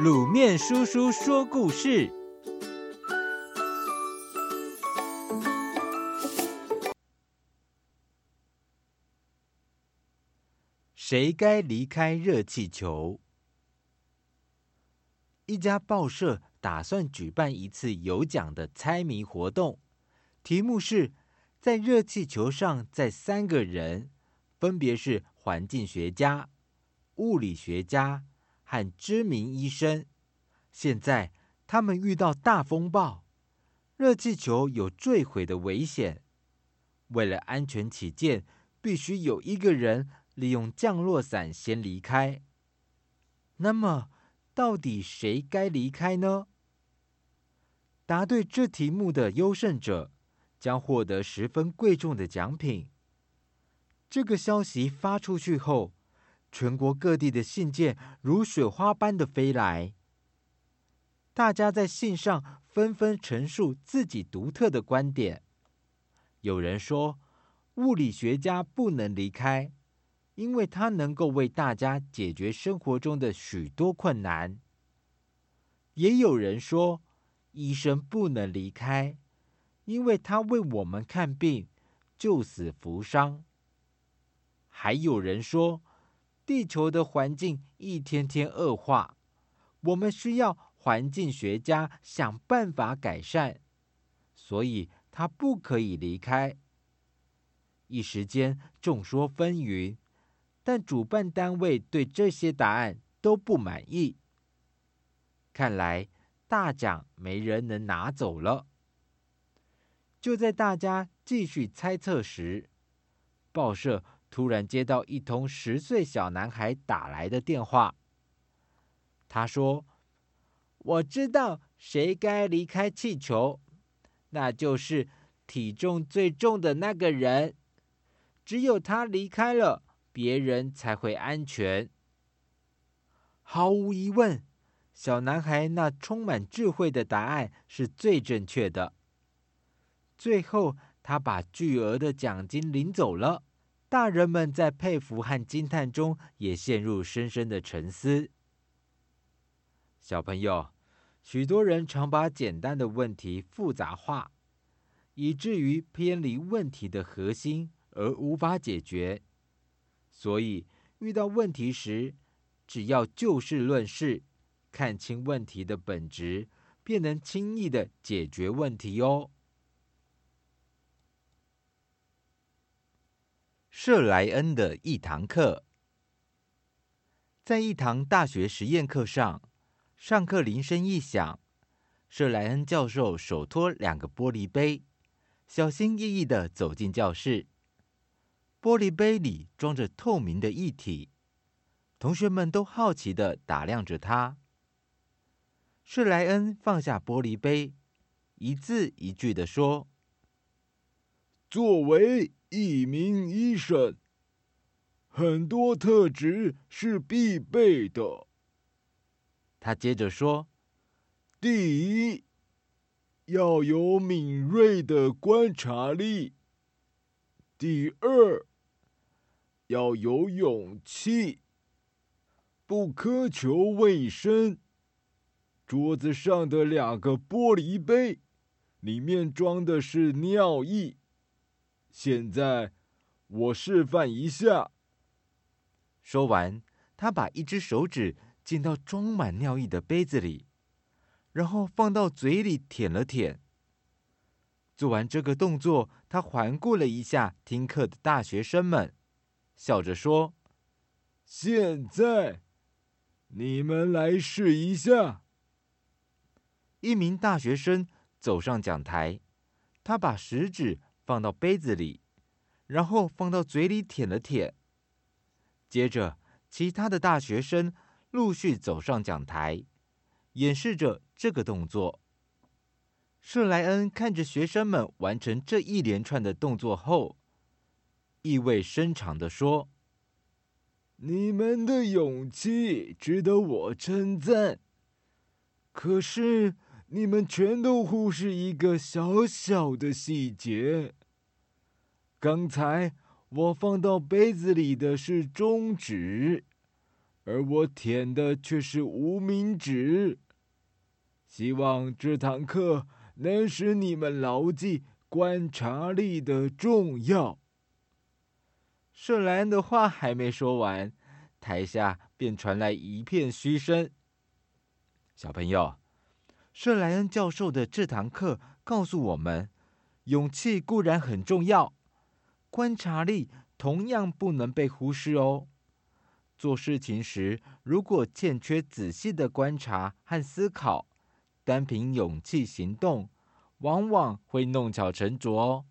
滷麵叔叔說故事：誰該離開熱氣球？一家報社打算舉辦一次有獎的猜謎活動，題目是：在熱氣球上載三個人，分別是環境學家、物理學家。和知名醫生。現在他們遇到大風暴，熱氣球有墜毀的危險。為了安全起見，必須有一個人利用降落傘先離開。那麼，到底誰該離開呢？答對這題目的優勝者將獲得十分貴重的獎品。這個消息發出去後，全國各地的信件如雪花般的飛來，大家在信上紛紛陳述自己獨特的觀點。有人說，物理學家不能離開，因為他能夠為大家解決生活中的許多困難；也有人說，醫生不能離開，因為他為我們看病、救死扶傷；還有人說，地球的環境一天天惡化，我們需要環境學家想辦法改善，所以他不可以離開。一時間眾說紛紜，但主辦單位對這些答案都不滿意。看來大獎沒人能拿走了。就在大家繼續猜測時，報社，突然接到一通十歲小男孩打來的電話，他說：“我知道誰該離開氣球，那就是體重最重的那個人。只有他離開了，別人才會安全。”毫無疑問，小男孩那充滿智慧的答案是最正確的。最後，他把巨額的獎金領走了。大人們在佩服和驚嘆中，也陷入深深的沉思。小朋友，許多人常把簡單的問題複雜化，以至於偏離問題的核心而無法解決。所以，遇到問題時，只要就事論事，看清問題的本質，便能輕易的解決問題哦。舍萊恩的一堂課，在一堂大學實驗課上，上課鈴聲一響，舍萊恩教授手托兩個玻璃杯，小心翼翼地走進教室。玻璃杯裡裝着透明的液體，同學們都好奇地打量着他。舍萊恩放下玻璃杯，一字一句地說：“作為。”一名醫生，很多特質是必備的。他接着說：“第一，要有敏銳的觀察力；第二，要有勇氣，不苛求衛生。桌子上的兩個玻璃杯，裡面裝的是尿液。”現在，我示範一下。說完，他把一隻手指浸到裝滿尿液的杯子裡，然後放到嘴裡舔了舔。做完這個動作，他環顧了一下聽課的大學生們，笑着說：“現在，你們來試一下。”一名大學生走上講台，他把食指放到杯子裡，然後放到嘴裡舔了舔。接着，其他的大學生陸續走上講台，演示着這個動作。舍萊恩看着學生們完成這一連串的動作後，意味深長地說：“你們的勇氣值得我稱讚，可是……”你們全都忽視一個小小的細節。剛才我放到杯子裡的是中指，而我舔的卻是無名指。希望這堂課能使你們牢記觀察力的重要。舍萊恩的話還沒說完，台下便傳來一片噓聲。小朋友。舍萊恩教授的這堂課告訴我們，勇氣固然很重要，觀察力同樣不能被忽視哦。做事情時，如果欠缺仔細的觀察和思考，單憑勇氣行動，往往會弄巧成拙哦。